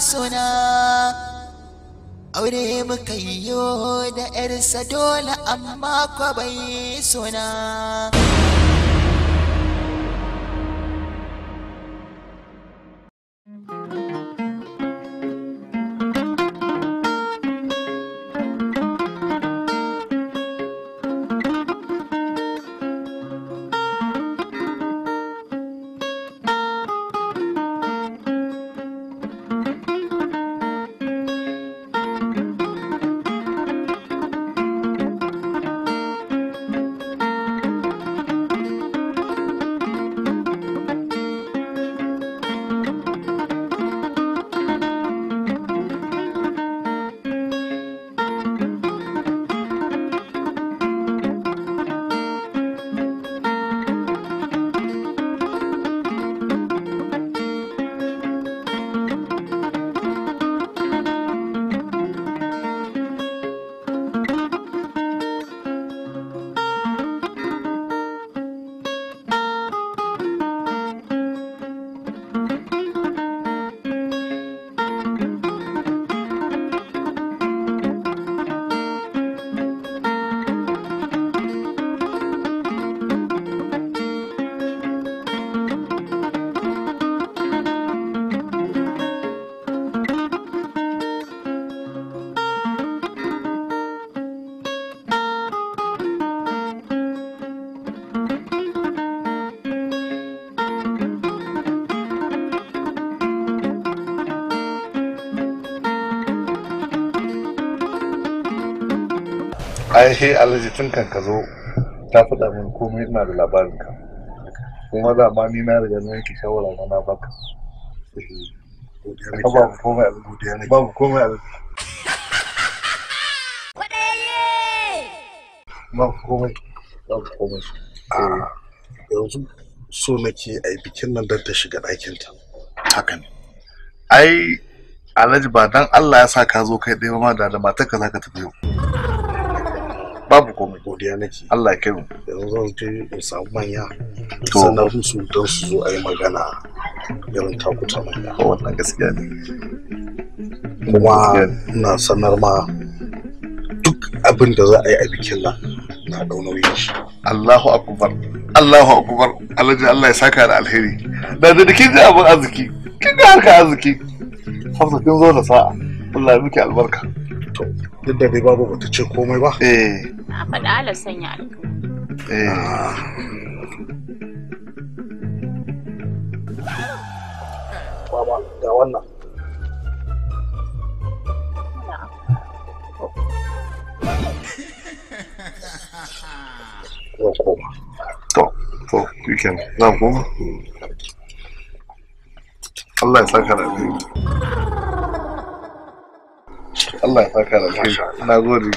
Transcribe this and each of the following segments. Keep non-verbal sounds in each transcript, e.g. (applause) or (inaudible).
suna aure muka yi da 'yarsa dole amma bai suna ai shi alhaji tun kan ka zo ta faɗa min komai ina da labarin ka kuma da ma ni na riga na yanke shawara na na baka babu komai alhaji babu komai babu komai babu komai yanzu so nake a bikin nan don ta shiga ɗakin ta haka ne ai alhaji ba dan Allah ya sa ka zo kai ɗaya ma da da matarka za ka tafi yau godiya nake Allah ya kai yanzu zan je in samu manya sannan su don su zo a yi magana irin takuta manya wannan gaskiya ne kuma na sanar ma duk abin da za a yi a bikin nan na dau nauyin shi Allahu akubar! Allahu akubar! Alhaji Allah ya saka da alheri da da kin ji abin arziki kin ga harka arziki Hafsa kin zo da sa'a Allah ya miki albarka to duk da dai babu bata ce komai ba eh. na ala sanya eh. baba ga wannan to Allah ya saka da Allah ya saka da kai na gode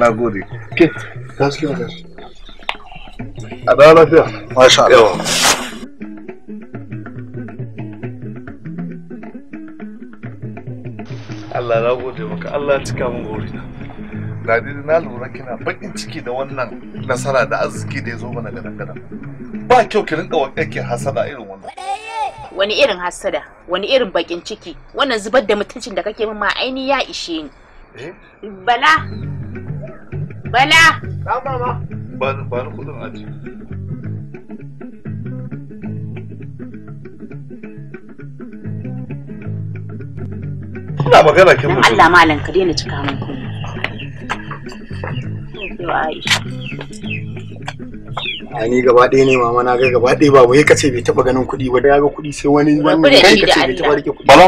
na gode ke ka suke a dawo lafiya masha Allah Allah na gode maka Allah cika min na. ga na lura kina bakin ciki da wannan nasara da arziki da ya zo mana gadan gadan ba kyau ki rinka wa kake hasada irin wannan wani irin hasada wani irin bakin ciki wannan zubar da mutuncin da kake min ma aini ya ishe ni eh? bala bala ba ba ni kudin aji ina magana kin mutum Allah malam ka daina cika min kuma Yau Aisha. ni gaba ɗaya ne mama na ga gaba ɗaya babu ya kace bai taba ganin kuɗi ba da ya ga kuɗi sai wani wannan kai kace bai taba rike kuɗi baba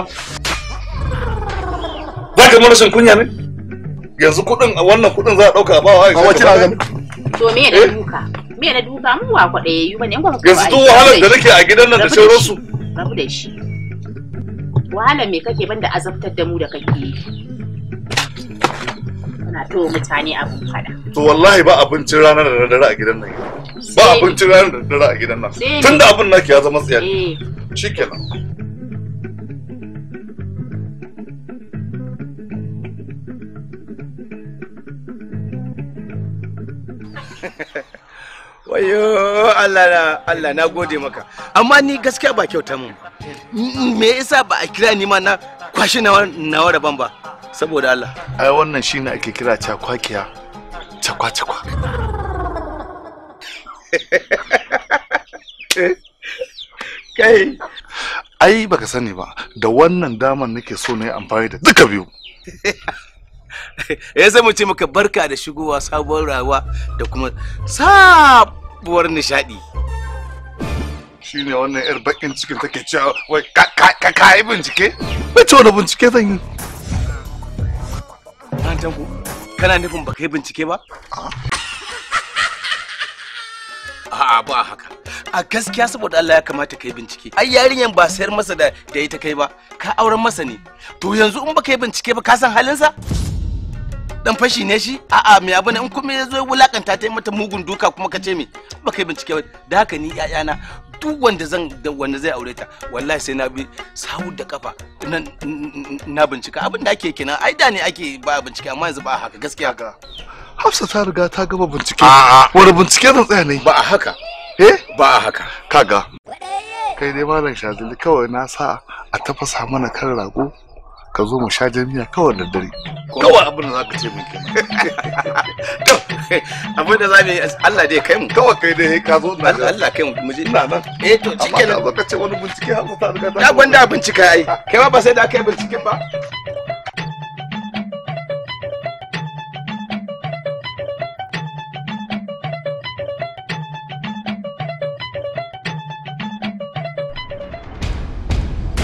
za ka mana shin kunya ne yanzu kuɗin a wannan kuɗin za a ɗauka a bawa a wace na to me ne eh? duka me ne duka mu wa kwaɗayayyu ba ne ba ka yanzu duk wahalar da nake a gidan nan da sauransu rabu da shi wahalar me kake banda azabtar da mu da kake yi kana to mutane abun fada to wallahi ba abincin ranar da dare a gidan nan ba abinci ranar da dare a gidan nan tun da abin naki ya zama tsayar eh. shikenan (laughs) wayo Allah na Allah na gode maka amma ni gaskiya ba kyauta mun me yasa ba a kira ni ma na kwashi na nawa daban ba saboda Allah ai wannan shine ake kira cakwakiya cakwa cakwa kai ai baka sani ba da wannan damar nake so na yi amfani da duka biyu ya (laughs) zama eh, ce maka barka da shigowa sabuwar rayuwa da kuma sabuwar nishadi shine wannan yar bakin cikin take cewa wai ka ka yi bincike wace wani bincike zan yi kana nufin baka yi bincike ba a'a ba haka a gaskiya saboda Allah ya kamata kai bincike ai yarinyan ba sayar masa da da ita kai ba ka auren masa ne to yanzu in baka yi bincike ba ka san sa dan fashi ne shi a'a me abu ne in kuma ya zo wulakanta ta mata mugun duka kuma ka ce me baka yi bincike ba da haka ni yayana duk wanda zan wanda zai aure ta wallahi sai na bi sawu da kafa na bincika abin da ake kina ai da ne ake ba bincike amma yanzu ba haka gaskiya ga hafsa ta riga ta gama bincike wani bincike zan tsaya ne ba a haka eh ba a haka kaga kai dai malam shazili kawai na sa a tafasa mana kan rago ka zo mu sha jami'a kawai da dare kawai abin da za ka ce min to (laughs) abin da za mu yi Allah dai kai mu kawai kai dai ka zo na Allah kai mu mu je ina nan eh to cikin nan ka ce wani bincike hafsa ta riga ta ya gwanda bincike ai kai ba sai da kai bincike ba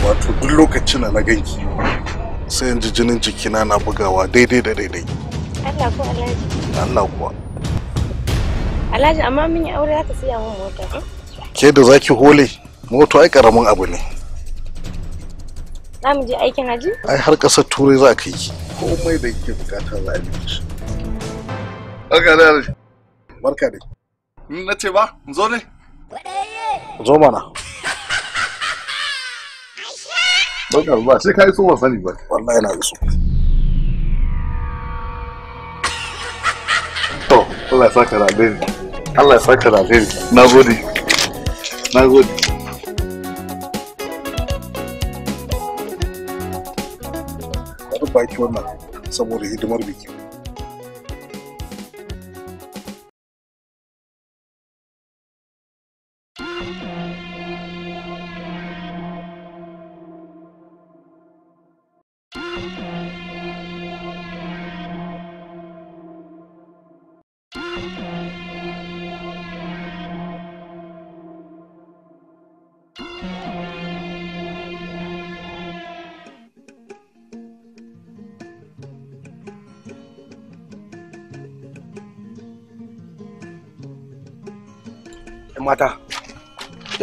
wato duk lokacin da na ganki sai in ji jinin jikina na bugawa daidai da daidai Allah ko Alhaji Allah kuwa Alhaji amma mun yi aure haka siya mun mota eh? ke da zaki hole moto ai karamin abu ne za mu je aikin haji ai har ƙasar turai za ka yi komai da yake bukata za a yi Barka da Barka da. Na ce ba, zo ne? Zo mana. wannan ba sai ka iso ba sani ba wallahi na ya saka da alheri Allah ya saka da alheri nagode nagode wannan saboda hidimar bikin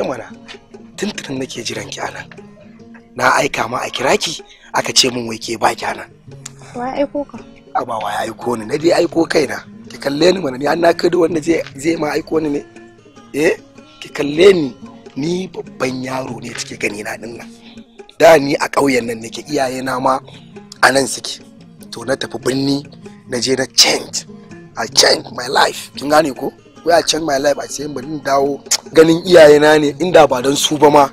ke mana tuntunin nake jiran ki anan na aika ma a kira ki aka ce min wai ke ba ki anan wa aiko ka a ba wa aiko ni na dai aiko kaina ki kalle ni mana ni an na kada wanda zai ma aiko ni ne eh ki kalle ni ni babban yaro ne cike gani na din nan da ni a ƙauyen nan nake iyaye na ma a nan suke to na tafi birni na je na change i change my life kin gane ko wai i change my life a sayan bari dawo ganin iyayena ne inda ba don su ba ma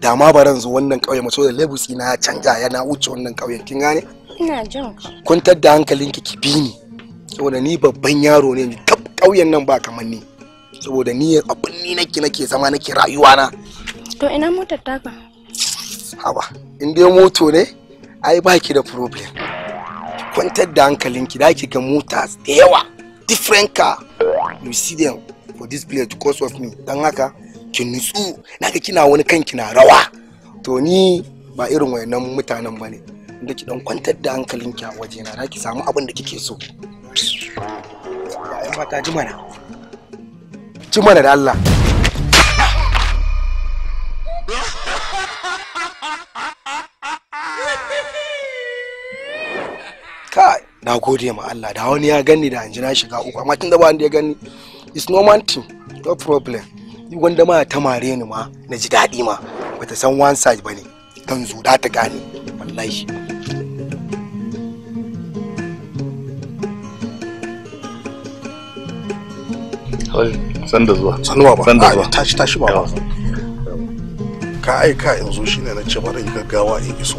da ma ba zo wannan ƙauyen maso da labus na ya canja yana wuce wannan ƙauyen kin gane ina jin kwantar da hankalinki ki bi ni saboda ni babban yaro ne kap ƙauyen nan ba kamar ni saboda ni abin ni nake nake zama nake rayuwa na to ina motar taka haba in dai moto ne ai baki da problem kwantar da hankalinki da ki ga mota da yawa different car you sidiyan for this place because of me dan haka ki nutsu na ga kina wani kanki na rawa to ni ba irin wayannan mutanen bane inda ki dan kwantar da hankalin ki a waje na ki samu abin da kike so ya fata ji mana ji mana da Allah Ka na gode ma Allah da wani ya gani da anji na shiga uku amma tunda ba wanda ya gani it's normal thing no problem wanda ma ta mare ni ma na ji daɗi ma bata san one side bane kan zo ta gane wallahi san da zuwa san da zuwa tashi tashi ba ka aika yanzu zo shine na ce bari gaggawa in iso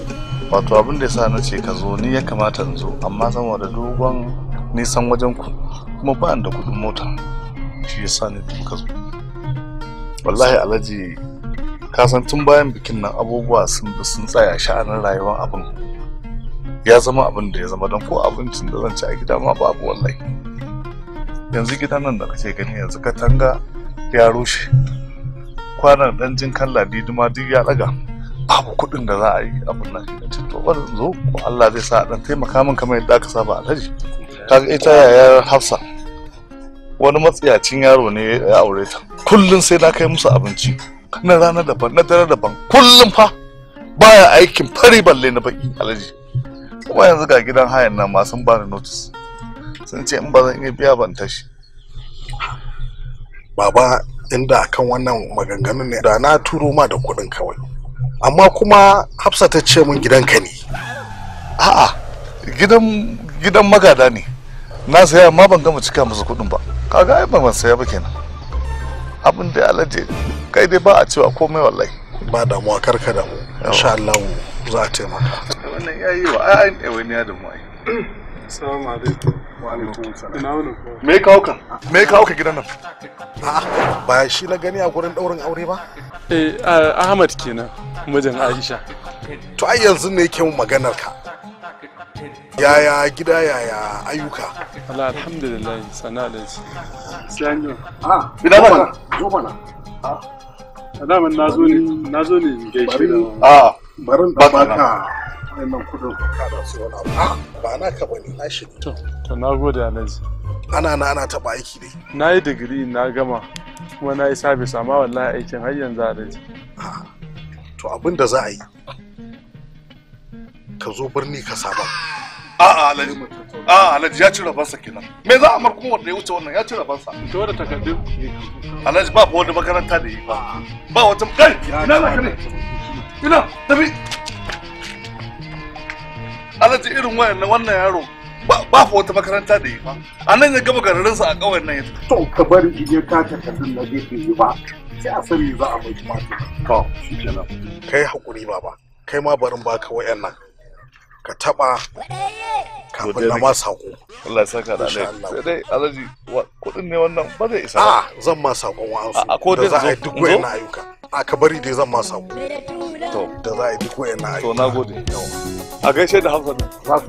wato abin da yasa na ce ka zo ni ya kamata in zo amma da dogon nisan wajen ku kuma ba da kudin mota shi yasa ne ka zo wallahi alhaji ka san tun bayan bikin nan abubuwa sun bi sun tsaya sha'anin rayuwar abin ya zama abin da ya zama don ko abincin da zan ci a gida ma babu wallahi yanzu gidan nan da kake gani yanzu katanga ya rushe kwanan dan jin kan ma duk ya daga babu kuɗin da za a yi abin nan shi ce to zo ko Allah zai sa dan taimaka min kamar yadda aka saba alhaji kaga ita yaya Hafsa wani matsiyacin yaro ne ya aure ta kullum sai na kai musu abinci na rana daban na dare daban kullum fa baya aikin fari balle na baki alhaji kuma yanzu ga gidan hayan nan ma sun bani notice sun ce in ba zan iya biya ban tashi baba inda akan wannan maganganun ne da na turo ma da kuɗin kawai amma kuma hafsa ta ce min gidanka ne a'a gidan gidan magada ne na saya amma ban gama cika musu kudin ba kaga ai ban saya ba kenan abin da alaje kai dai ba a cewa komai wallahi ba damuwa karka damu insha Allah za a taimaka wannan yayi wa ai ai ne ya da mu ai Assalamu alaikum. Wa alaikum salam. Me kawo ka? Me kawo ka gidan nan? A'a, ba shi na gani a gurin daurin aure ba? Eh, Ahmad kenan, mijin Aisha. To ai yanzu ne yake mu maganar ka. Yaya gida yaya ayyuka? Allah alhamdulillah sana da shi. Sanyo. Ah, gida ba. Zo Ah. na zo ne, na zo ne gaishe da. Ah, barin da baka. wannan kudin ka da su wani abu ba na ka bane na shi to to na gode alhaji ana na ana taba aiki dai na yi digiri na gama kuma na yi sabis amma wallahi aikin har yanzu alhaji to abin da za a yi ka zo birni ka saba a'a alhaji a'a alhaji ya ci rabansa kenan me za a mar kuma wanda ya wuce wannan ya ci rabansa to da takardun alhaji ba wani makaranta da yi ba ba wata kai ina za ka ne ina tafi alaji irin wannan wannan yaro ba fa wata makaranta da yi ba a nan ya gama gararinsa a kawai nan ya tafi to ka bari in ya kata kasin da zai yi ba sai a sani za a mai kuma to shi kenan kai hakuri baba kai ma barin baka wayannan ka taba kafin na ma sako Allah ya saka da alai sai dai alaji kudin ne wannan ba zai isa a ah, zan ma sakon wa'ansu da za a yi duk wayannan ayyuka a ah, ka bari dai zan ma sako to da za a yi duk wayannan ayyuka to na gode yawa a gaishe da hausa da zasu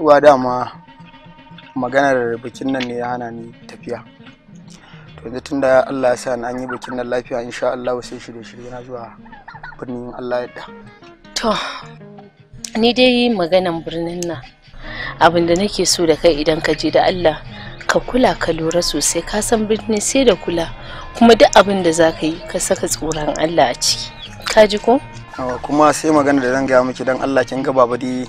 uwa dama maganar bikin nan ne ya hana ni tafiya to yanzu tunda Allah ya sa an yi bikin nan lafiya insha Allah sai shirye shirye na zuwa birnin Allah ya da to ni dai maganan birnin nan abin da nake so da kai idan ka je da Allah ka kula ka lura sosai ka san birni sai da kula kuma duk abin da za ka yi ka saka tsoron Allah a ciki ka ji ko kuma sai magana da zan gaya miki dan Allah kin ga babadi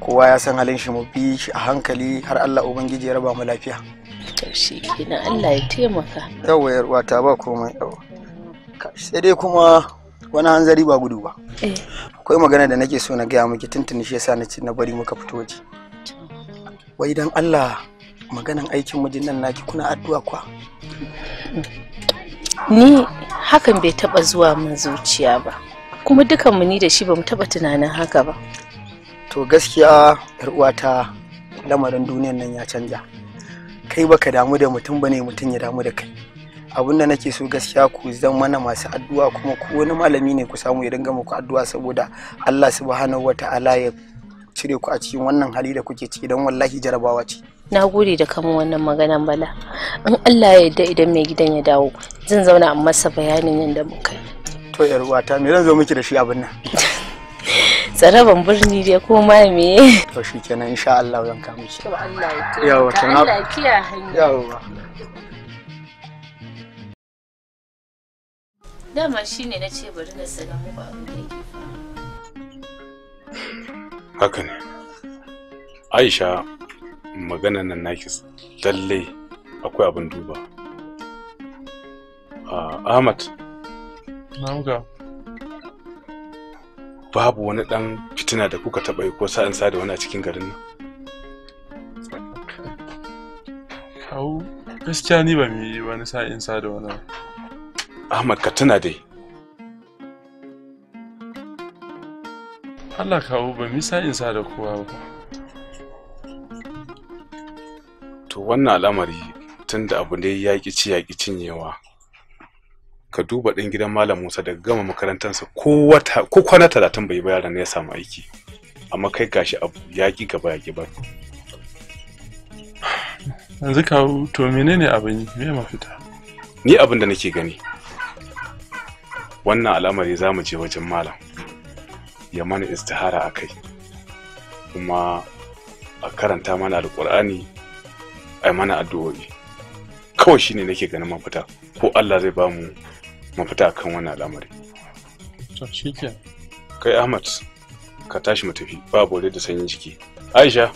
kowa ya san halin shi mu bi shi a hankali har Allah ubangiji ya raba mu lafiya to shi Allah ya taimaka yawa yar uwata ba komai yawa sai dai kuma wani hanzari ba gudu ba eh. akwai magana da nake so na gaya miki tuntuni shi yasa na ci na bari muka fito waje wai dan Allah maganan aikin mijin nan naki kuna addu'a kwa ni hakan bai taba zuwa min zuciya ba kuma dukan mu ni da shi bamu taba tunanin haka ba to gaskiya yar uwata lamarin duniyar nan ya canja kai baka damu da mutum bane mutum ya damu da kai abin da nake so gaskiya ku zan mana masu addu'a kuma ku wani malami ne ku samu ya dinga muku addu'a saboda Allah subhanahu wata'ala ya cire ku a cikin wannan hali da kuke ciki don wallahi jarabawa ce na gode da kama wannan maganan bala in allah ya yarda idan mai gidan ya dawo zan zauna a masa bayanin yadda muka yi to yar uwata me zan zo miki da shi abin nan tsaraban birni dai ko ma me to kenan insha allah zan kawo miki to allah ya yawa ta yawa dama ne na ce bari na sanar ba abin da haka ne aisha magana nan naki lalle akwai abin duba ah, ahmad babu wani dan fitina da kuka taɓa yi ko sa'ansa da wani a cikin garin nan kawo gaskiya ni ba mu yi wani sa'insa da wani ahmad ka tuna dai Allah kawo ba misa in sa da kowa ba to wannan al'amari tunda abu ne ya ci ya cinyewa ka duba ɗin gidan malam musa daga gama makarantarsa ko wata ko kwana talatin bai ba yaran ya samu aiki amma kai gashi abu ya ki gaba ya ki ba yanzu kawo to menene abin yi me mafita ni abin da nake gani wannan al'amari za mu je wajen malam ya mana istihara a kai kuma a karanta mana alkur'ani a mana addu'o'i kawai shine nake ganin mafita ko allah zai bamu mafita kan wannan al'amari kai ahmad ka tashi mu tafi ba bore da sanyin jiki aisha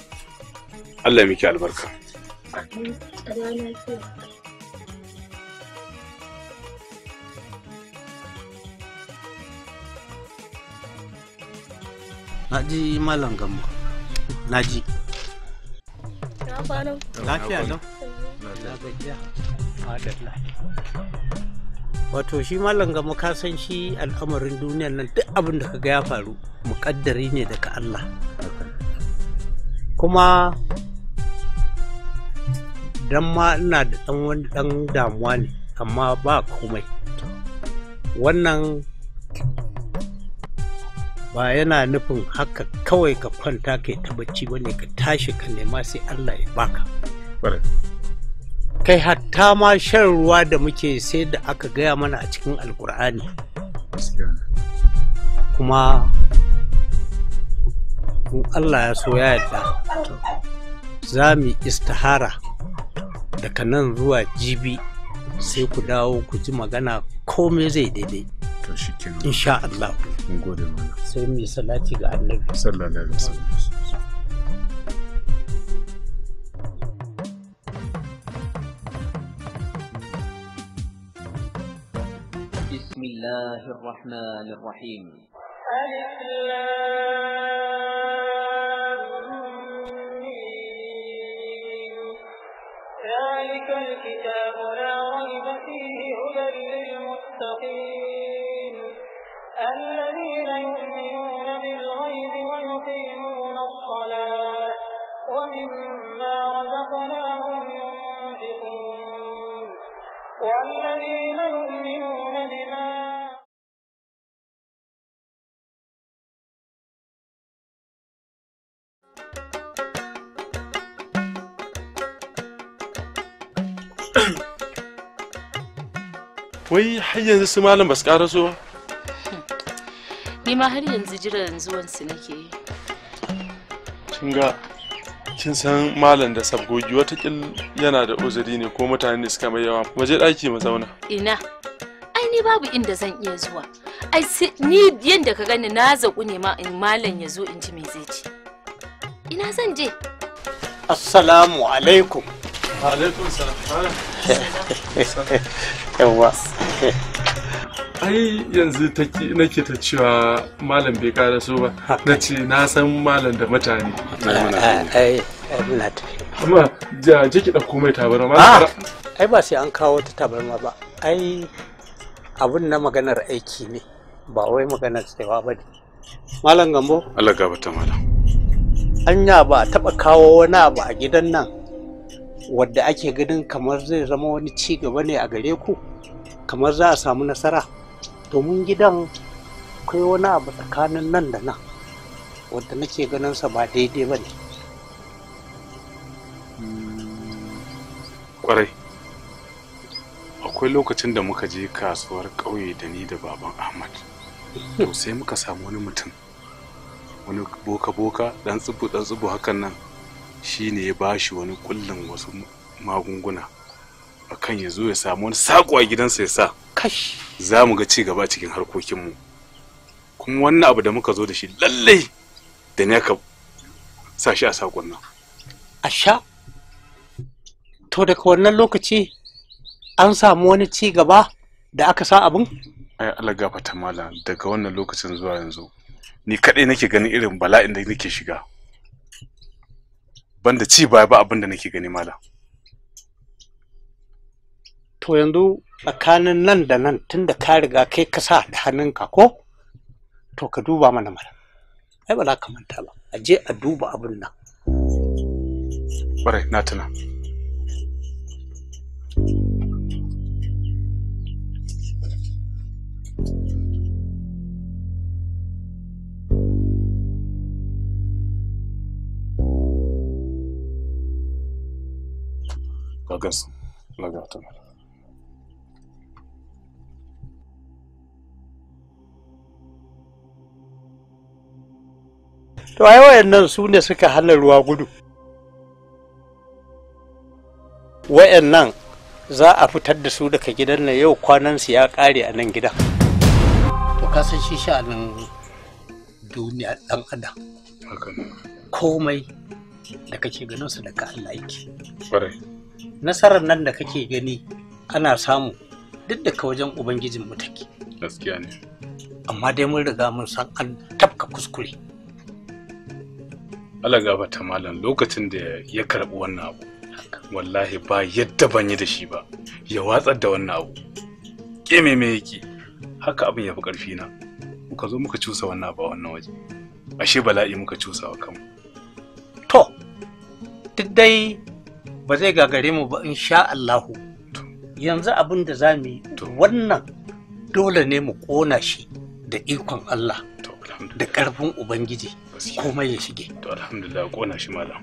allah miki albarka na malam lafiya wato shi malam gama ka san shi al'amarin duniyar nan duk abin da ga ya faru muƙaddari ne daga Allah kuma dan ma ina da dan wani dan damuwa ne amma ba komai wannan ba yana nufin haka kawai ka kwanta kai ta bacci bane ka tashi ka nema sai Allah ya baka kai hatta ma shan ruwa da muke sai da aka gaya mana a cikin alkur'ani kuma in Allah ya so ya yadda za mu istihara daga nan zuwa jibi sai ku dawo ku ji magana komai zai daidai insha Allah mun sai mu yi salati ga annabi sallallahu alaihi wasallam بسم الله الرحمن الرحيم الإسلام رزقناهم ينفقون والذين يؤمنون wai har yanzu su malam ba su ƙara ni ma har yanzu jiran su nake yi. kin san malam da sabgogi watakil yana da uzuri ne ko mutane ne suka mai yawa waje je daki mu zauna ina ai ni babu inda zan iya zuwa ai ni yanda ka gani na zaku ne ma in malam ya zo in ji me zai ci ina zan je assalamu alaikum alaikum salam (laughs) yawa ai yanzu nake ta cewa malam bai kara so ba na ce na san malam da mutane ai eh, eh, eh. Allah tabarma ah! ai ba sai an kawo ta tabarma ba ai abun na maganar aiki ne ba wai maganar tsayawa ba ne malam gambo Allah gabata malam anya ba taba kawo wani abu a gidan nan wadda ake ganin kamar zai zama wani ci gaba ne a gare ku kamar za a samu nasara domin gidan akwai wani abu tsakanin nan da nan wadda nake ganin sa ba daidai ba ne kwarai akwai lokacin da muka je kasuwar ƙauye da ni da baban ahmad to sai muka samu wani mutum wani boka-boka dan tsibu dan tsibu hakan nan shi ne ya bashi wani kullum wasu magunguna akan ya zo ya samu wani saƙo a gidansa ya sa za mu ga ci gaba cikin harkokinmu kuma wannan abu da muka zo da shi lallai da ne ka sa shi a saƙon nan a sha to daga wannan lokaci an samu wani ci gaba da aka sa abin? ai Allah ta mala daga wannan lokacin zuwa yanzu ni kaɗai nake ganin irin bala'in da nake shiga banda ci baya ba abin da nake gani mala to yanzu tsakanin nan da nan tun da ka riga kai ka sa da hannunka ko to ka duba mana mara ai ba za ka manta ba a je a duba abin nan ƙwarai na tuna Logasz, logaton. To ai wayannan su ne suka hana ruwa gudu. Wayannan za a fitar da su daga gidan nan yau kwanan su ya kare a nan gidan. To ka san shi sha'anin duniya dan adam. Komai da kake ganin su daga Allah yake. nasarar nan da kake gani ana samu duk da ka wajen ubangijin mu take gaskiya ne amma dai mun riga mun san an tafka kuskure Allah ta malam lokacin da ya karɓi wannan abu wallahi ba yadda ban yi da shi ba ya watsar da wannan abu ke me yake haka abin ya fi ƙarfi na muka zo muka cusa wannan abu a wannan waje ashe bala'i muka cusa wa kanmu to duk dai ba zai gagare mu ba in sha Allahu yanzu abin da za mu yi wannan dole ne mu kona shi da ikon Allah da ƙarfin Ubangiji komai ya shige alhamdulillah kona shi malam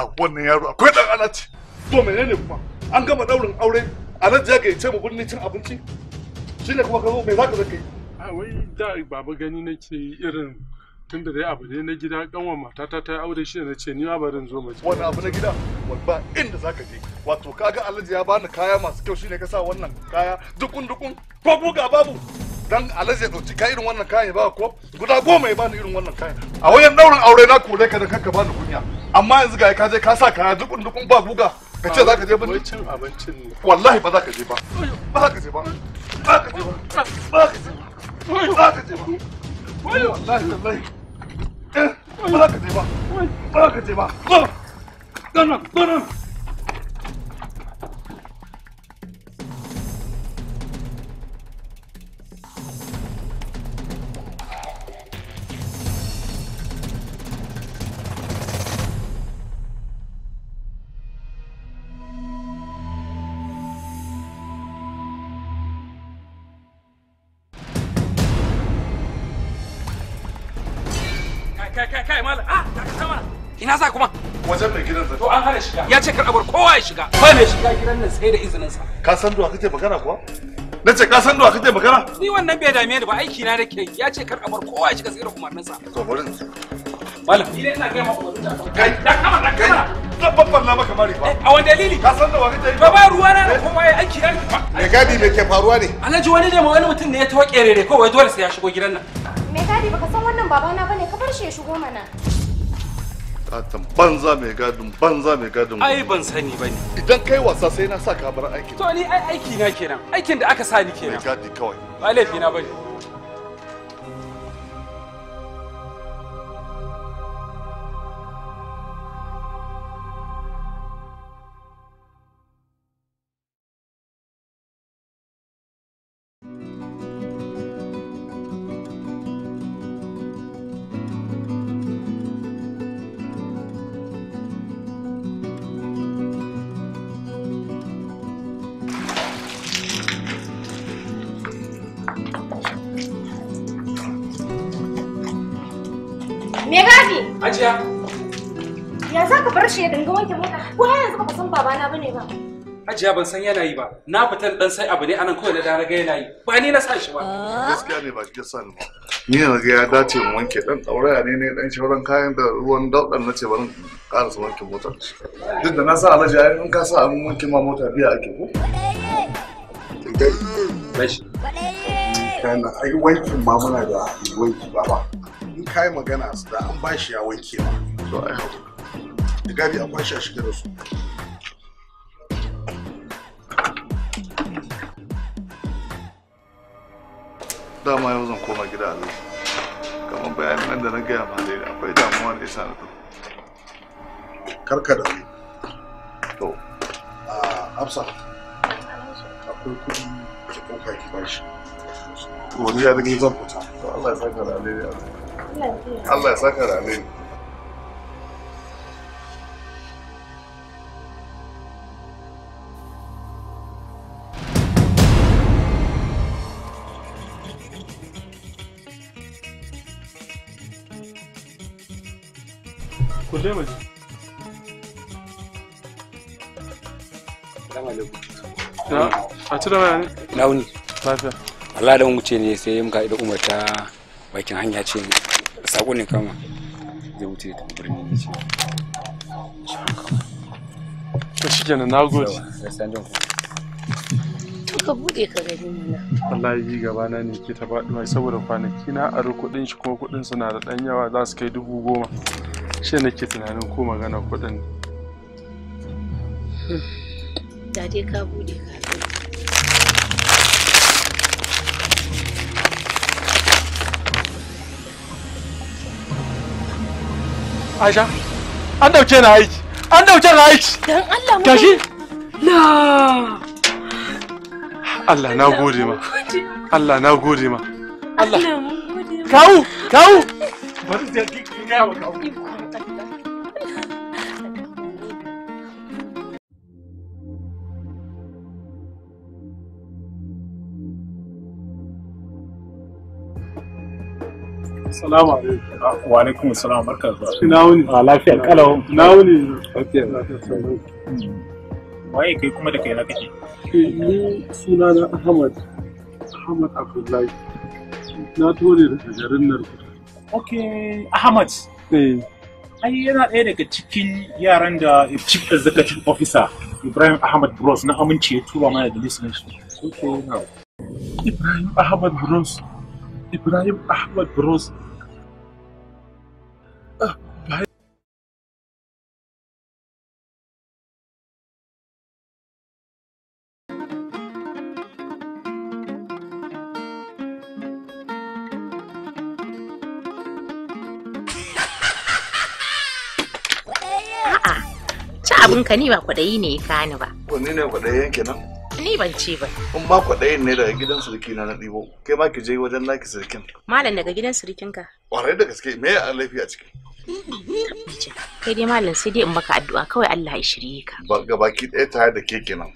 Allah wannan yaro akwai dan alaci to menene kuma an gama daurin aure alaji ya gaice mu birni cin abinci shine kuma ka zo me zaka zaka yi a wai da baba gani nake irin tunda dai abu ne na gida kanwa matata ta aure shi na ce ni ma barin zo mace wani abu na gida ba inda zaka je wato kaga alhaji ya bani kaya masu kyau shine ka sa wannan kaya dukun dukun ko buga babu dan alhaji ya dauki ka irin wannan kaya ya ba ko guda goma ya bani irin wannan kaya. a wayan daurin aure na kore ka da kanka bani kunya amma yanzu ga ka je ka sa kaya dukun dukun ba buga ka ce za ka je bindi cin abincin wallahi ba za ka je ba ba ba ka je ba ba ka je ba ba ka je ba ba ka je ba eh, ka je ba ba ka je ba ba ka je ba ba ka je ba kai kai kai malam ah dakata mana ina za kuma wajen mai gidan to an hana shiga ya ce kar abar kowa ya shiga ba mai shiga gidan nan sai da izinin sa ka san duwa kake magana kuwa na ce ka san duwa kake magana ni wannan bai dame ni ba aiki na nake ya ce kar abar kowa ya shiga sai da umarnin sa to bari malam ni ne ina ga ma umarnin sa kai da kama da zan babballa maka mari ba. Eh, a wanda dalili? Ka san da wani Ba ba ruwa na da eh. kuma ya aiki na. Me gadi me ke faruwa ne? Alhaji wani ne ma wani mutum ne ya tawo kerere kawai dole sai ya shigo gidan nan. Kai gadi baka san wannan babana bane ka bar shi ya shigo mana. Katon banza mai gadin banza mai gadin. Ai ban sani bane. Idan kai wasa sai na sa ka bar aiki. To ni ai aiki na kenan. Aikin da aka sani kenan. Mai gadi kawai. Ba laifi na bane. ba. Hajiya ban san yana yi ba. Na fita dan sai abu ne anan kawai na dara ga yana yi. Ba ni na sa shi ba. Ah. Gaskiya ne ba kike san ba. Ni na ga ya dace mu wanke dan ɗauraya ne ne dan shauran kayan da ruwan daudan na ce ba, ƙara karasa wanke motar. Duk da na sa alaji ai in ka sa an wanke ma mota biya ake ko. Rashi. Kana ai wankin ma muna da wanki baba. In kai magana da an bashi ya wanke ba. To ai hakuri. Da gabi an shi a shiga da su. dama yau zan koma gida a zai kamar bayan nan da na gaya ma dai akwai damuwa da isa na to karka da to a hafsa akwai kudi ki ɗauka ki bashi to wani ya rage zan fita to Allah ya saka da alheri Allah ya saka da alheri je waje a cire waya ne na wuni lafiya Allah da wuce ne sai muka idan umarta bakin hanya ce sako ne kama zai wuce ta birni ne ce to shikenan nagode ka bude ka gani mana. Wallahi gaba na ne ke ta faɗuwa saboda kwanaki na aro kuɗin shi kuma kuɗin suna da ɗan yawa za su kai dubu goma. shi nake tunanin ko magana kudin da dai ka bude ka Aisha, an dauke na aiki, an dauke na aiki. Dan Allah mu. Gashi? Na. Allah na gode ma. Allah na gode ma. Allah. Kawu, kawu. Bari da kawu. Assalamu alaikum. Wa alaikum assalam barka zuwa. Ina wuni. A ah, lafiya kalau. Ina wuni. Lafiya hmm. Waye kai kuma da kai na kake? Eh, ni suna na Ahmad. Ahmad Abdullahi. Na tore daga garin nan. Okay, Ahmad. Eh. Ai yana ɗaya daga cikin yaran da Chief Executive Officer Ibrahim Ahmad Bros na amince ya tura mana da listenin shi. Ibrahim Ahmad Bros. Ibrahim Ahmad Bros. abin ka ni ba kwaɗayi ne ka ni ba. Wani ne kwaɗayi yanke nan? Ni ban ci ba. In ma kwaɗayin ne daga gidan surki na na ɗibo, kai ma ki je wajen naki surkin. Malam daga gidan surkinka. Ƙwarai da gaske me ya laifi a ciki? kai dai malam sai dai in baka addu'a kawai Allah ya shirye ka ga baki ɗaya ta da ke kenan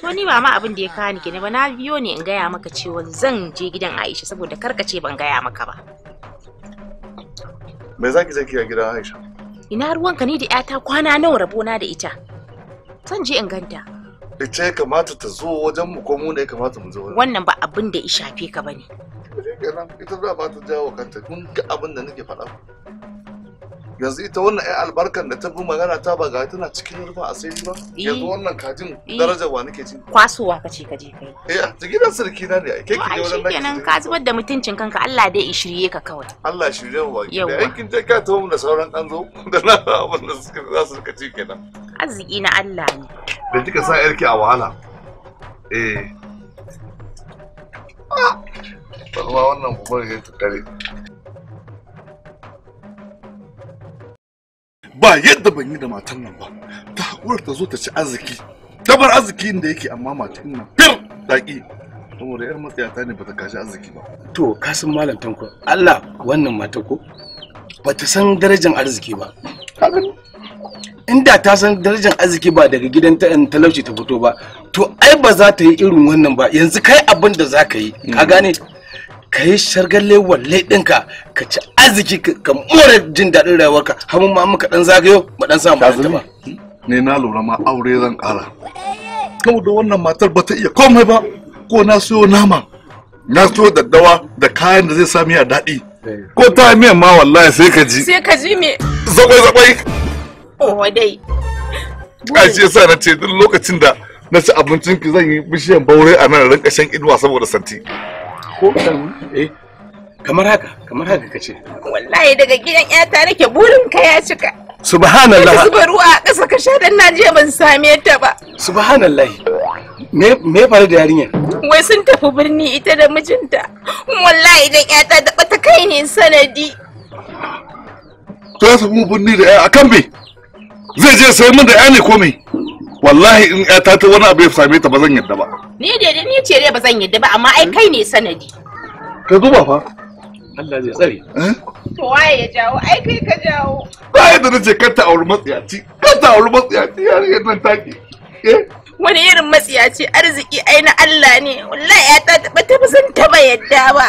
ko ni ba ma abin da ya kawo ni kenan ba na biyo ne in gaya maka cewa zan je gidan Aisha saboda ce ban gaya maka ba me zaki zaki ga gidan Aisha ina ruwanka ni da ƴata kwana nawa rabona da ita zan je in ganta ita ya kamata ta zo wajen mu ko mu ne ya kamata mu zo wannan ba abin da ya shafe ka bane ita za ba ta jawo kanta kun ga abin da nake faɗa yanzu ita wannan ƴan albarkan da ta fi magana ta ba ga tana cikin rufa sai ba eh. yanzu wannan kajin eh. darajar wa nake cin kwasowa ka ce ka je eh, kai eh ta gidan sarki na ne kai ki je wannan kenan ka zubar da mutuncin kanka Allah dai ya shirye ka kawai Allah shirye mu baki da yankin je ka tawo mu da sauran zo da na abin da suka za su rika ci kenan arziki na Allah ne da kika sa yarki a wahala eh ah wannan gobe ya tukare ba yadda ban yi da matan nan ba ta haƙura ta zo ta ci arziki ta bar arziki da yake amma matan nan fir daƙi saboda yar matsayata ne bata kashi arziki ba to kasan malam tanko Allah wannan mata ko bata san darajar arziki ba inda ta san darajar arziki ba daga gidan talauci ta fito ba to ai ba za ta yi irin wannan ba yanzu kai abin da za ka yi ka mm. gane ka yi shargalle walle ɗinka ka ci arziki ka more jin daɗin rayuwarka hamun ma muka ɗan zagayo ba ɗan samu ta ba. ne na lura ma aure zan ƙara kamu da wannan matar ba ta iya komai ba ko na siyo nama na siyo daddawa da kayan da zai sa miya daɗi ko ta miya ma wallahi sai ka ji sai ka ji me zakwai zakwai oh dai a ce sa na ce duk lokacin da na ci abincin ki zan yi bishiyan baure a nan rinka shan idwa saboda santi ko eh kamar haka kamar haka kace wallahi daga gidan yata nake burin ka ya cika subhanallah ka zuba ruwa a ƙasa ka sha dan je ban same ta ba subhanallah me me faru da yarinyar wai sun tafi birni ita da mijinta wallahi dan yata da bata kai ne sanadi to su mu birni da akan be zai je sai mun da ya ko me wallahi in ta ta wani abu ya same ta ba zan yadda ba ni da ni ce dai ba zan yadda ba amma ai kai ne sanadi ka duba fa Allah zai tsare to waye ya jawo ai kai ka jawo ba yadda nace kar ta auri matsiyaci kar ta auri matsiyaci yariyar nan take wani irin matsiyaci arziki ai na Allah ne wallahi ya ta taba ta ba zan taba yadda ba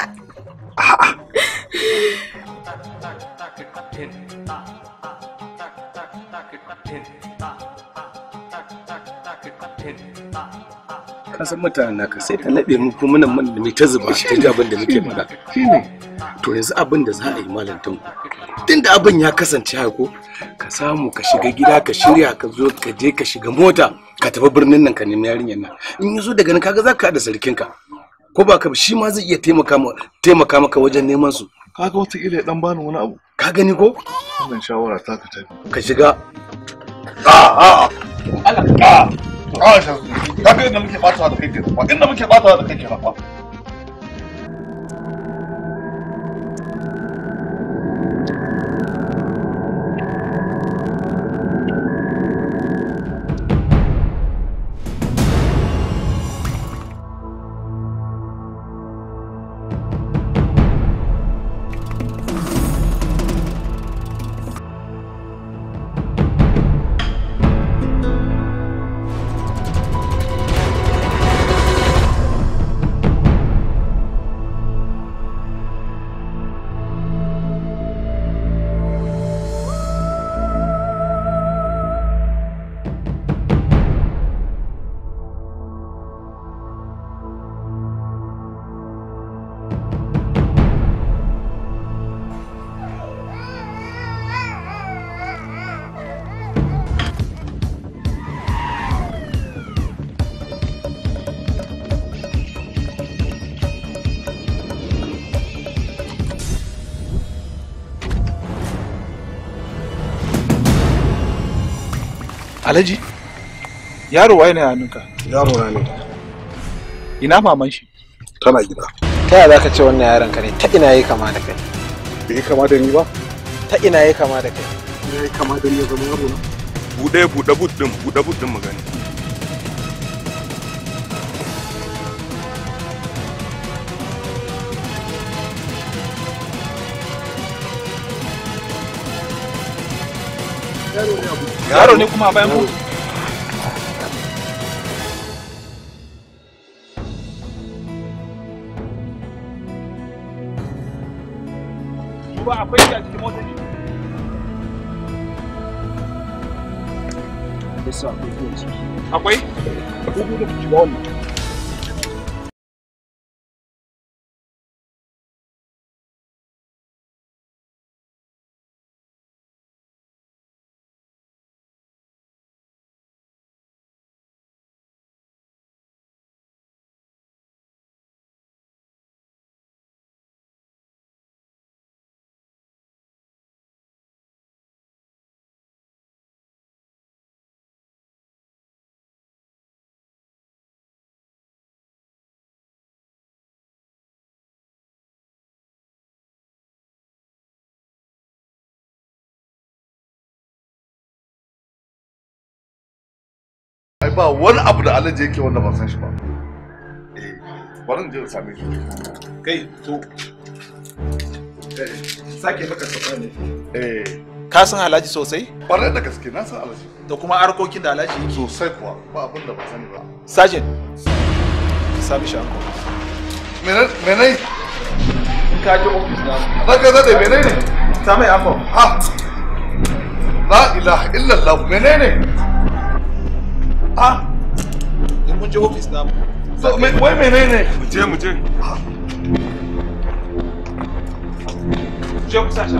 a'a ka san mutanen naka sai ta laɓe mu kuma nan man da mai ta zuba ta ji abin da muke faɗa to yanzu abin da za a yi malam tun da abin ya kasance haka ko ka samu ka shiga gida ka shirya ka zo ka je ka shiga mota ka tafi birnin nan ka nemi yarinyar nan in ya zo daga nan kaga za ka da ka. ko ba ka shi ma zai iya taimaka maka wajen neman su kaga wata ya dan bani wani abu ka gani ko wannan shawara ta ka tafi ka shiga a ah, a ah. Allah aisha ka ga inda muke bata da kai kenan ba inda muke bata da kai kenan ba Alhaji, yaro waye ne hannunka? Yaro na ne. Ina maman shi? Tana gida. Ta yaya zaka ce wannan yaron ka ne? Ta ina yayi kama da kai? Bai kama da ni ba? Ta ina yayi kama da kai? ina Yayi kama da ni ya zama yaro na. Bude bude but bude but magana. yaro ne kuma bayan mu ba akwai a cikin motar ne akwai akwai akwai akwai ba wani abu da alhaji yake wanda ban san shi ba eh bari in je in same shi kai to eh. sake maka sauka ne eh ka san alhaji sosai bari da gaske na san alhaji da kuma harkokin da alhaji yake sosai kuwa ba abin da ban sani ba sajin sami shi an kuma menai in ka je ofis na daga zade menai ne ta mai an ha ah! la ilaha illallah menene Ah. a in mun je ofis na so wai menene mu je mu ah. je je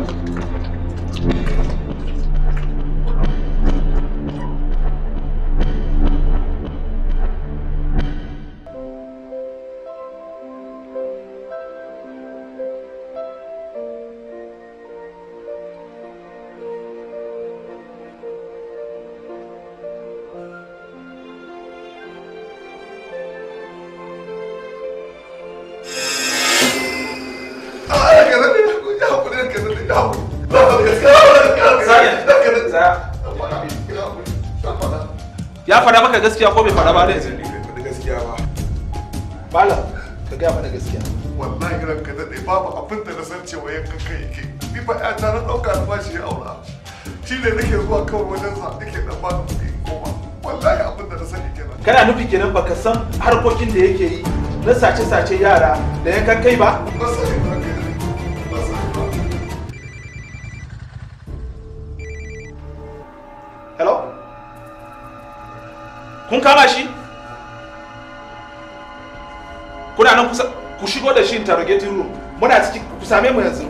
faɗa gaskiya ko bai faɗa ba dai faɗa gaskiya ba malam ka gaya mana gaskiya wallahi irin ka daɗe babu abin da na san cewa yanka kai yake ni ba ya ta na ɗauka albashi ya aura shi ne nake zuwa kawai wajen sa nake ɗan ba kuɗi ba. wallahi abin da na sani kenan kana nufi kenan baka san harkokin da yake yi na sace-sace yara da yankan kai ba? ba interrogating room muna cikin ku same mu yanzu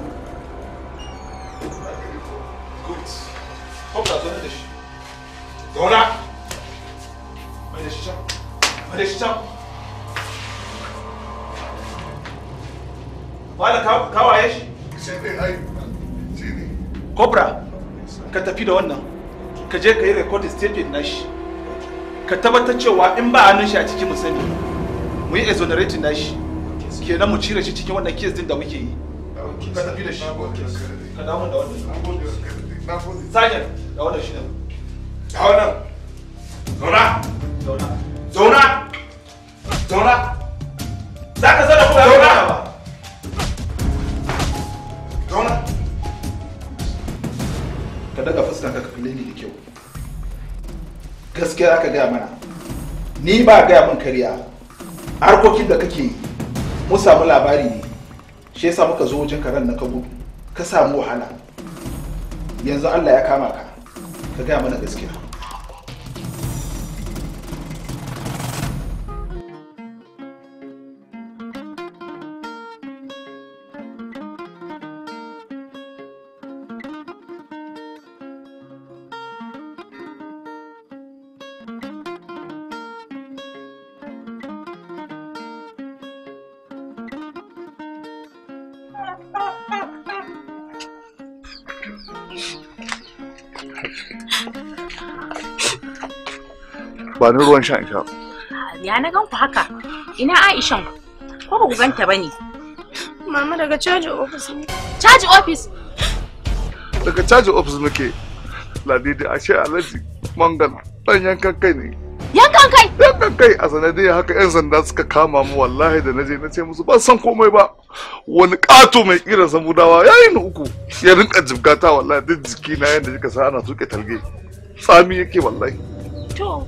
good hope that mai shi ka tafi da wannan, ka je ka yi recording statement nashi. Ka tabbatar cewa in ba shi a cikin musamman, mu yi exonerating nashi. kenan mu cire shi cikin wannan kes din da muke yi ka tafi da shi ka damu da wannan sajan da wannan shi ne da wannan zauna zauna zauna zauna za ka zana kuma zauna ba zauna ka daga fuska ka kalle ni da kyau gaskiya aka gaya mana ni ba gaya min kariya. harkokin da kake yi mu samu labari ne shi yasa muka zo wajen karen na ka ka samu wahala yanzu Allah ya kama ka ka gaya mana gaskiya amfanin ruwan sha in ah, ya na gan ku haka ina aishan ko ba ku ganta ba ne mama daga caji ofis ne caji ofis daga caji ofis muke ladidi ashe alhaji mangal dan yankan kai ne yankan kai yankan kai a sanadiyar haka yan sanda suka kama mu wallahi da naje na ce musu ba san komai ba wani kato mai kira samudawa ya yi uku ya rinka jibgata wallahi duk jiki na yadda kika sa ana tuke talge Sami yake wallahi to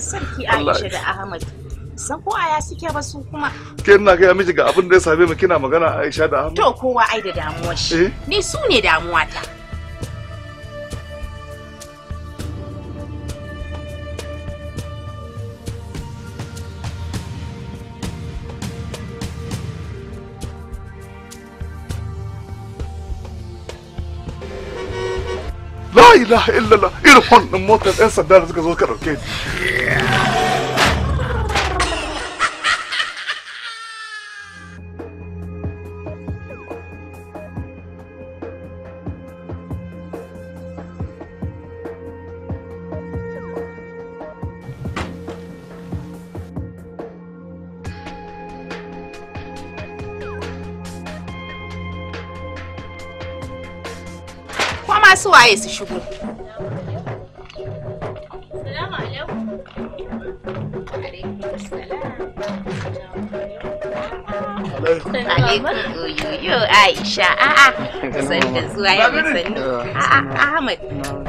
sarki Aisha da Ahmad san aya suke ba su kuma ke na ga miji ga abin da ya same mu kina magana Aisha da Ahmad to kowa ai da damuwar shi eh? ni su ne damuwata إله إلا الله إرحن إيه الموت الأنسى دارس كذو كاروكين Esse chupão. yo Aisha a'a san da zuwa ya sannu a'a Ahmad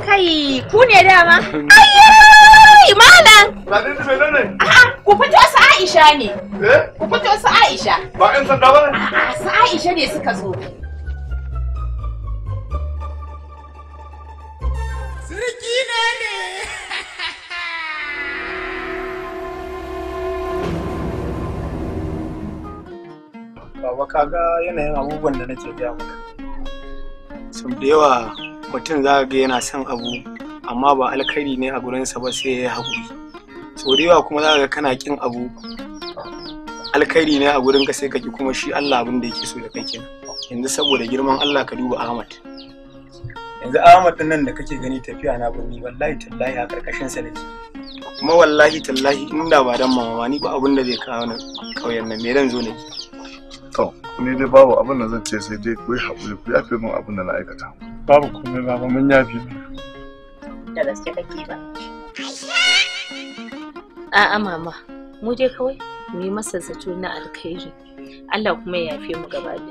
kai ku ne dama ayyoyi malam a'a ku fito su Aisha ne eh? ku fito su Aisha ba ƴan sanda ba a'a su Aisha ne suka zo kaga yanayin abubuwan da nake gaya maka sau da yawa mutum za ga yana son abu amma ba alkhairi ne a gurinsa ba sai ya yi haƙuri sau da yawa kuma za ga kana kin abu alkhairi ne a gurin ka sai ka ki kuma shi Allah abin da yake so da kai kenan yanzu saboda girman Allah ka duba Ahmad yanzu Ahmad din nan da kake gani tafiya na birni wallahi tallahi a karkashin sa ne kuma wallahi tallahi inda ba dan mama ni ba abin da zai kawo nan kauyen nan me dan zo ne to ni dai babu abin da zan ce sai dai ku yi haƙuri ku yafe min abin da na aikata babu komai baba mun yafe da gaske kake ba a'a mama mu dai kawai mu yi masa zato na alkhairi Allah kuma ya yafe mu gaba da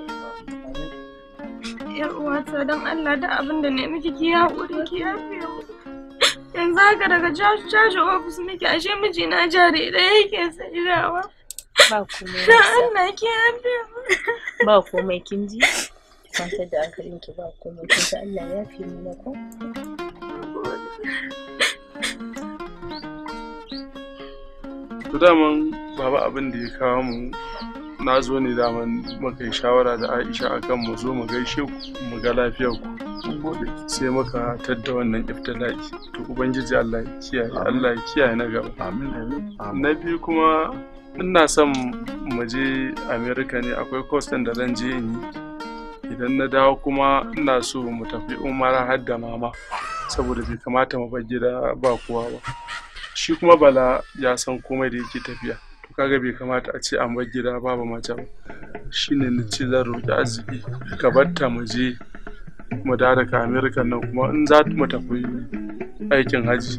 yar uwata don Allah da abin da ne miki ki haƙuri ki yafe mu yanzu haka daga jaji ofis miki ashe mijina jari ɗaya yake sayarwa ba komai Allah ki yafe ba komai kin ji kwantar da hankalin ki ba komai kin ji Allah ya fi na ko to daman babu abin da ya kawo mu na zo ne daman muka yi shawara da Aisha akan mu zo mu gaishe ku mu ga lafiyar ku sai muka tadda wannan iftila'i to ubangiji Allah ya kiyaye Allah ya kiyaye na gaba amin na biyu kuma ina son mu je america ne akwai course da zan je yi idan na dawo kuma ina so mu tafi umara har da mama saboda bai kamata mu bar gida ba kowa ba shi kuma bala ya san komai da yake tafiya to kaga bai kamata a ce an bar gida babu mata ba shine na ce zan roƙi arziki ka batta mu je mu da daga america nan kuma in za mu tafi aikin haji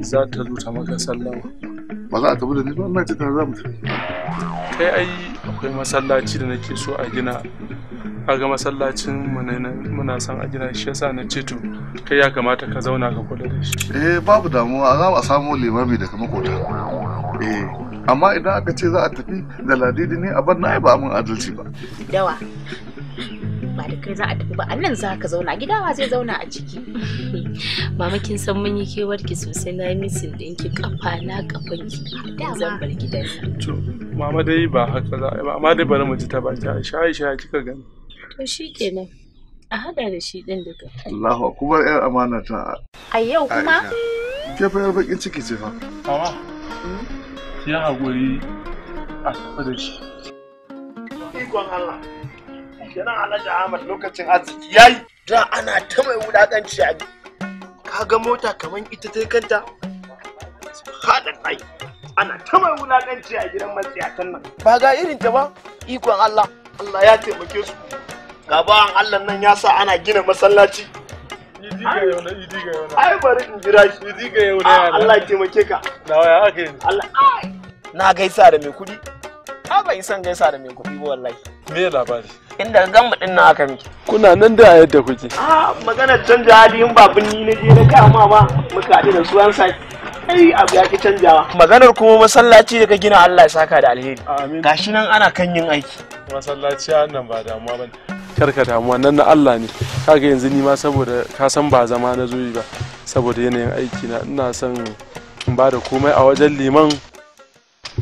za ta zo ta maka sallama ba za a tafi da ni ba ce za kai ai akwai masallaci da nake so a gina ga masallacin muna san a gina shi yasa na ce to kai ya kamata ka zauna ka kula da shi eh babu damuwa za a samu limami daga makota eh amma idan aka ce za a tafi da ladidi ne a bar na ai ba mun adalci ba yawa ba da kai za a tafi ba a nan za ka zauna gida ba zai zauna a ciki (laughs) mama kin san mun yi kewar ki sosai na misin din ki kafa na kafan ki zan bar gidan to mama dai ba haka za a amma dai bari mu ji ta baki shayi Aisha kika gani to shikenan a hada da shi din daga Allahu akbar yar amana ta a yau kuma ke fa yar bakin ciki ce fa mama ya hakuri a tafi da shi ikon Allah kenan alhaji ahmad lokacin arziki yayi da ana ta mai wulakanci a kaga mota kamar ita ta kanta haɗin ai ana ta mai wulakanci a gidan matsiyatan nan ba ga irin ta ba ikon allah allah ya taimake su gabawan allah nan ya sa ana gina masallaci ai bari in jira shi ah, Allah ya taimake ka na gaisa da mai kuɗi a bai san gaisa da mai kuɗi wallahi me labari inda gan din na aka miki kuna nan da yadda kuke Ah, magana canja hali in babin ni na je na ga ba, muka haɗu da su an sai ai abu ya ki canjawa maganar kuma masallaci da ka gina Allah ya saka da alheri amin gashi nan ana kan yin aiki masallaci nan ba damuwa bane karka damuwa nan na Allah ne kaga yanzu ni ma saboda ka san ba zama na zoyi ba saboda yanayin aiki na ina son in ba da komai a wajen liman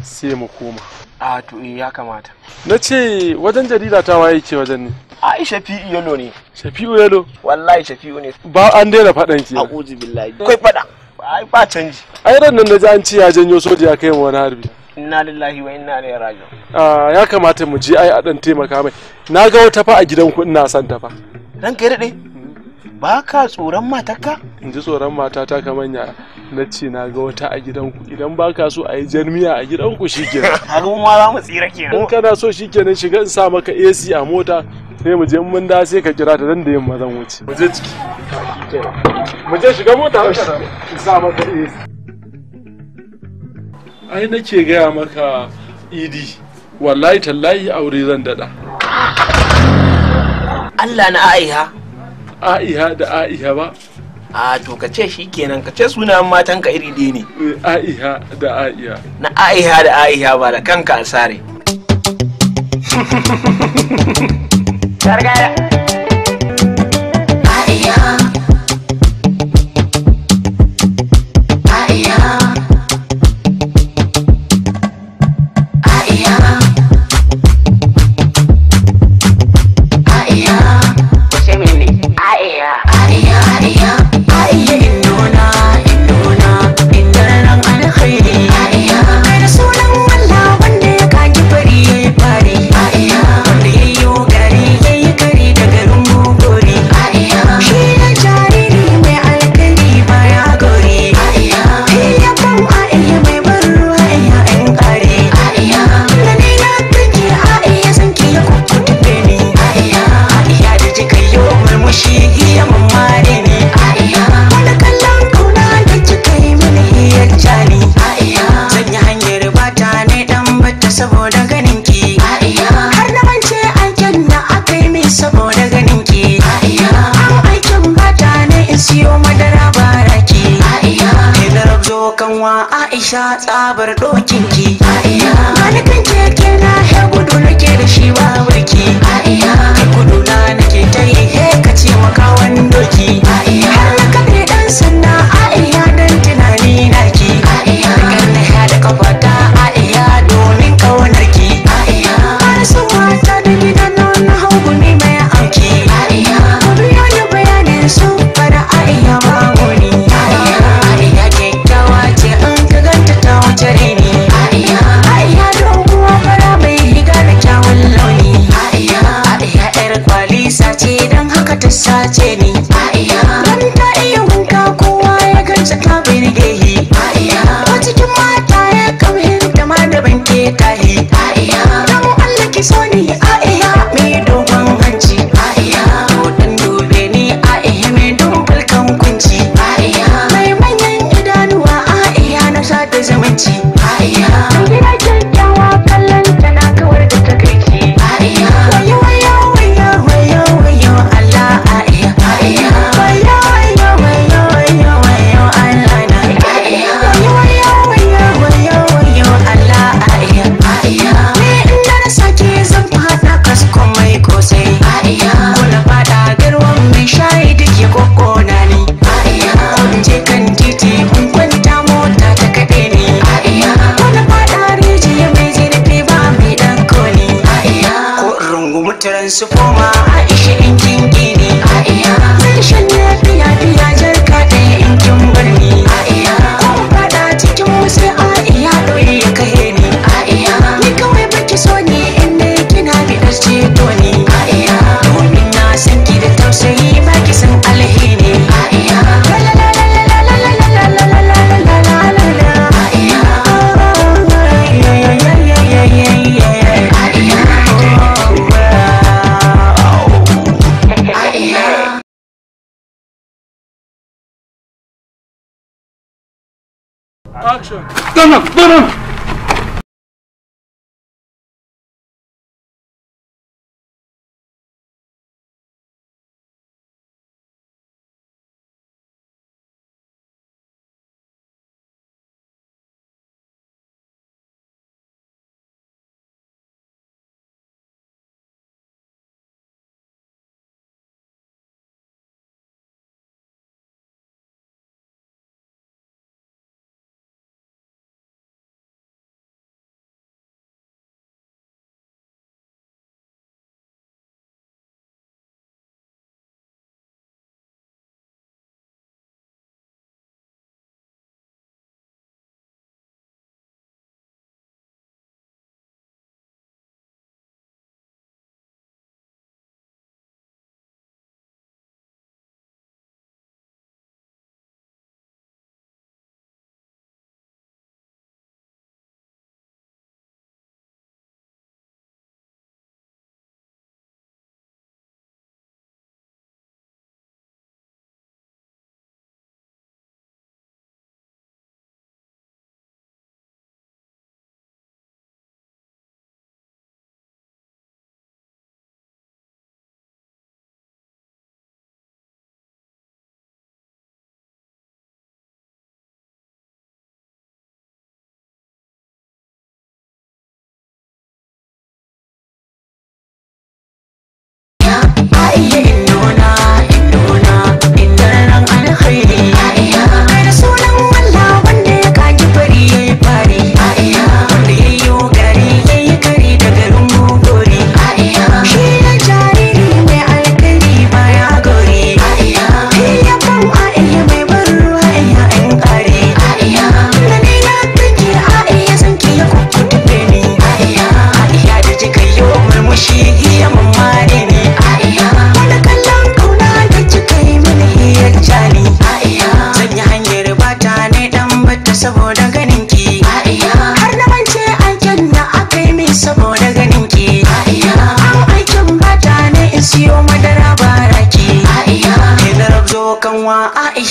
sai mu koma a to eh, ya kamata na ce wajen jarida ta waye ke wajen ne ai shafi'u yalo ne shafi'u yalo wallahi shafi'u ne ba an daina faɗan ki a'udhu billahi kai faɗa ai ba canji ai ran nan naji an ce ya janyo soja ya kai wani harbi inna lillahi wa inna ilaihi raji'un ah ya kamata mu je ai a dan taimaka mai na ga wata fa a gidan ku ina son ta fa ranka ya dade ba ka tsoron matarka in ji tsoron matata kamar yaya na ce na ga wata a gidanku idan ba ka so a yi jarmiya a gidanku shi kenan (laughs) ma za mu tsira kenan in kana so shi kenan shiga in sa maka AC a mota sai mu je mun da sai ka kira ta dan da yamma zan wuce mu je ciki mu je shiga mota in sa maka AC ai nake gaya maka idi wallahi tallahi aure zan dada Allah na a'iha a'iha da a'iha ba a to ka ce shi kenan ka ce sunan matan ka iri ɗaya ne eh, aiha da aiha na aiha da aiha ba da kanka a sare gargara sha tsabar do.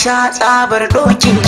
sha tsabar dokin